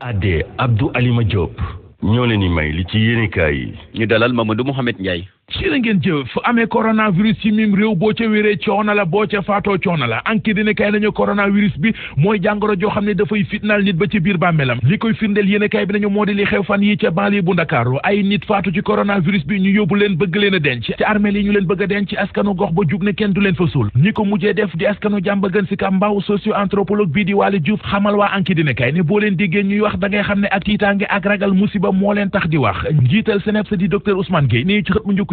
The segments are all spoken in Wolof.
Adé Abdou ma Diop ñoo leen di may li ci yéenekaay yi. ñu dalal ma du Mouhamed Ndiaye. ci la ngeen jëf amee coronavirus ci mim réew boo ca wéree coono la boo ca faatoo coono la anki dina kay nañu coronavirus bi joo xam ne dafay fitnaal nit ba ci biir koy firndeel yéen kay bi nañu moo di li xew fan yi ca ñu yóbbu leen bëgg leen a denc ci armeel yi ñu leen bëgg a denc askanu gox ba jug ne kenn du leen fa suul ko mujjee def di askanu jàmbagën si ka mbaaw socio anthropologue bii di Waly Diouf xamal waa anki dina kay ne boo leen déggee ñuy wax da ngay xam ne ak tiitaange ak ragal musiba moo leen tax di wax njiital SNEIPS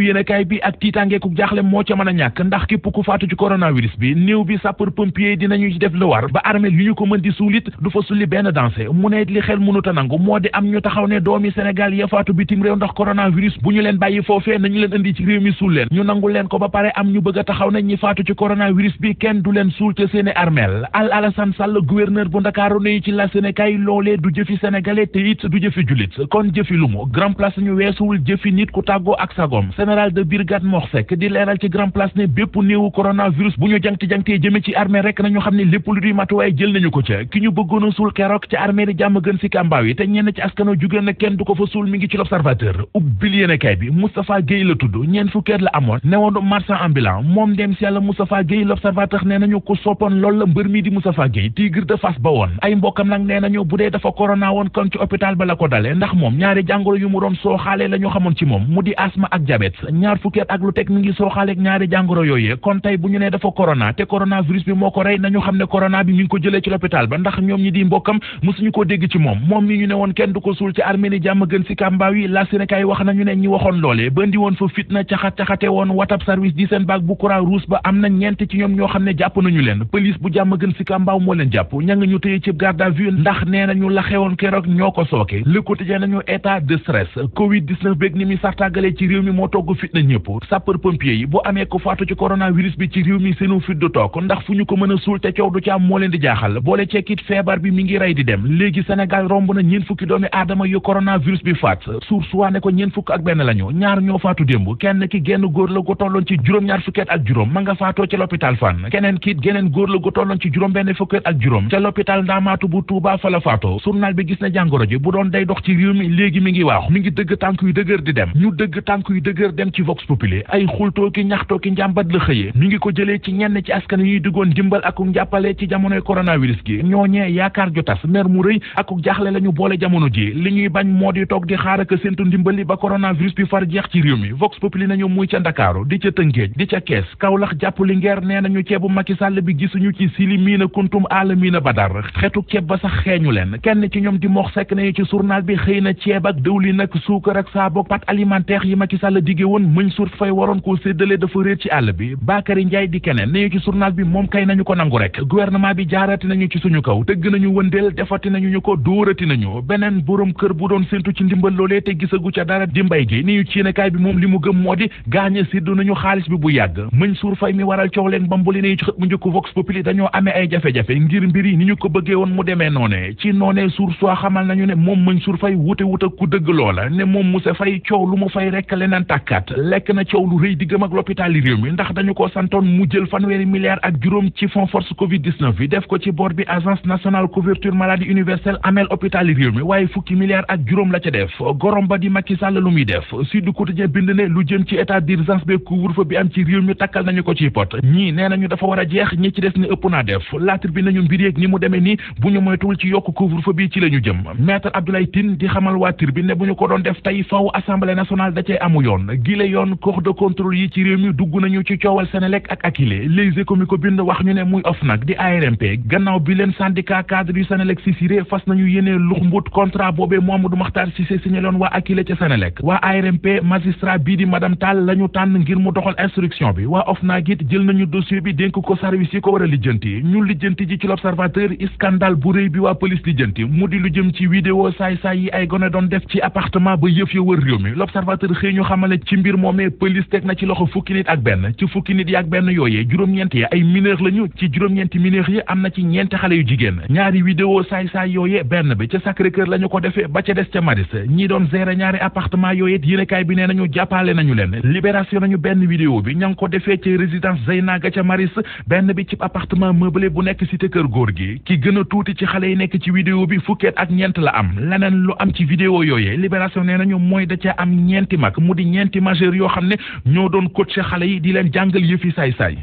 yéenekaay bi ak tiitangeeku jaaxle moo ca mën a ñàkk ndax képp ku faatu ci coronavirus bi néew bi sapeur pompier dinañu ci def lu war ba armée yu ñu ko mën di suulit du fa sulli benn danse mu ne li xel mënuta nangu moo di am ñu taxaw ne doomi Sénégal ya faatu bitim réew ndax coronavirus bu ñu leen bàyyi foofee nañu leen indi ci réew mi suul leen ñu nangu leen ko ba pare am ñu bëgg a taxaw ne ñi faatu ci coronavirus bi kenn du leen suul te seeni armeel al Alassane Sall gouverneur bu Ndakaaru ne ci la Sénégal loolee du jëfi sénégalais te it du jëfi jullit kon jëfi lu mu grand place ñu weesuwul jëfi nit ku tàggoo ak sagom général de brigade Mor Seck di leeral ci grand place ne bépp néewu coronavirus bu ñu jangti-jangtee jëme ci armée rek nañu xam ne lépp lu duy matuwaay jël nañu ko ca ki ñu bëggoon a suul keroog ci armée di jàmm gën si kàmbaaw yi te ñenn ci askano jugéen na kenn du ko fa suul mi ngi ci l'observateur ubbil yéenekaay bi Moustapha Guèye la tudd ñeent fukki at la amoon newoon marchand ambulant moom dem si yàlla Moustapha Guèye l'observateur nee nañu ko soppoon loolu mi di Moustapha Guèye tigre de Fass ba woon ay mbokkam nag nee woon kon ci hôpital la ko dale ndax moom ñaari jàngoro yu mu doon sooxaale la ñu xamoon asma ak diabète ñaar fukki ak lu teg mi ngi sooxaaleeg ñaari jàngoro yooyee kon tey bu ñu nee dafa corona te coronavirus bi moo ko rey nañu xam ne corona bi mi ngi ko jëlee ci l'hôpital ba ndax ñoom ñi di mbokkam musuñu ko dégg ci moom moom mi ñu ne woon kenn du ko suul ci armée jàmm gën si yi la Sénégal wax nañu ne ñi waxoon loolee ba ndi woon fa fitna caxat-caxate woon watab service di seen baag bu courant rouge ba am na ñeent ci ñoom ñoo xam ne togg fitna ñëpp sapeur pompier yi bu amee ko faatu ci coronavirus bi ci fukk ak benn lañu ñaar ñoo faatu démb kenn ki genn góor la gu tolloon ci juróom-ñaar fukkeet ak juróom ca l'hôpital Ndamaatu bu Tuubaa la faatoo journal bi gis na jàngoro ji bu doon day dox ci réew mi léegi mi ngi waaxu mi ngi dëgg tànk yu dëgër di dem ñu dëgg tànk yu dëgër dem ci Vox Populi ay xultoo ki ñaxtoo ki njàmbat la xëyee mi ngi ko jëlee ci ñenn ci askan yi duggoon dimbal ak njàppale ci jamonoy coronavirus gi ñooñee yaakaar ju tas mer mu rëy ak jaaxle la ñu boole jamono ji li ñuy bañ moo di toog di xaar ak séntu ndimbali ba coronavirus bi far jeex ci réew mi Vox Populi nañu muy ca Ndakaaru di ca Tëngéej di ca Kees Kaolack jàpp li ngeer nee nañu ceebu Macky Sall bi gisuñu ci sili mii na kuntum aala mii na badar xetu ceeb ba sax xeeñu leen kenn ci ñoom di moox sekk nañu ci journal bi xëy na ceeb ak dëwlin yi Macky Sall woon Mansour fay waroon koo séddale dafa réer ci àll bi Bakary Ndiaye di keneen nañu ci journal bi moom kay nañu ko nangu rek guvernement bi jaarati nañu ci suñu kaw dëgg nañu wëndeel defati nañu ñu ko dóorati nañu beneen borom kër bu doon séntu ci ndimbal loolee te gisagu ca dara di mbay gi ni ñu ci nekaay bi moom li mu gëm moo di gaañe séddu nañu xaalis bi bu yàgg Mansour Faye mi waral coow leen bambali nañu ci xët mu njëkk Vox Populi dañoo amee ay jafe-jafe ngir mbiri ni ñu ko bëggee woon mu demee noone ci noone suur soo xamal nañu ne moom Mansour Faye wute wut ak ku dëgg loola ne moom Moussa Faye coow lu mu fay rek leneen tàkka vingt lekk na coow lu rëy diggam ak l'hôpital réew mi ndax dañu ko santoon mu jël fanweeri milliards ak juróom ci fonds force covid 19 bi def ko ci bor bi agence nationale couverture maladie universelle ameel hôpital réew mi waaye fukki milliards ak juróom la ca def gorom ba di Macky Sall lu muy def Sud Quotidien bind ne lu jëm ci état d'urgence bi couvre-feu bi am ci réew mi takkal nañu ko ci pot ñii nee nañu dafa war a jeex ñi ci def ni gile yoon corps de contrôle yi ci réew mi dugg nañu ci coowal Senelec ak Akilee Les Échos mi ko bind wax ñu ne muy OFNAC di ARMP gannaaw bi leen syndicat cadre yu Senelec si fas nañu yénee lux mbut contrat boobee Mamadou Makhtar Cissé signaloon waa Akilee ca Senelec waa ARMP magistrat bii di madame Tall la tànn ngir mu doxal instruction bi waa OFNAC it jël nañu dossier bi dénk ko service yi ko war a lijjanti ñu lijjanti ji ci l'observateur scandale bu réy bi waa police lijjanti mu di lu jëm ci ci mbir moomee pëlis teg na ci loxo fukki nit ak benn ci fukki nit yi ak benn yooyee juróom-ñeent yi ay mineur lañu ci juróom-ñeenti mineur yi am na ci ñeenti xale yu jigéen ñaari vidéo saay-saay yooyee benn bi ca Sacré Cœur la ñu ko defee ba ca des ca Maris ñi doon gérer ñaari appartement yooyee yéenekaay bi nee nañu jàppale nañu leen libération nañu benn vidéo bi ña ngi ko defee ci résidence Zeyna ga ca Maris benn bi ci appartement meublé bu nekk a tuuti ci xale yi nekk ci vidéo bi fukkeet ak la am leneen lu am ci vidéo yooyee libération nee mooy da ca am mag mu di majeur yoo xam ne ñoo doon coacher xale yi di leen jàngal yëfi saay saay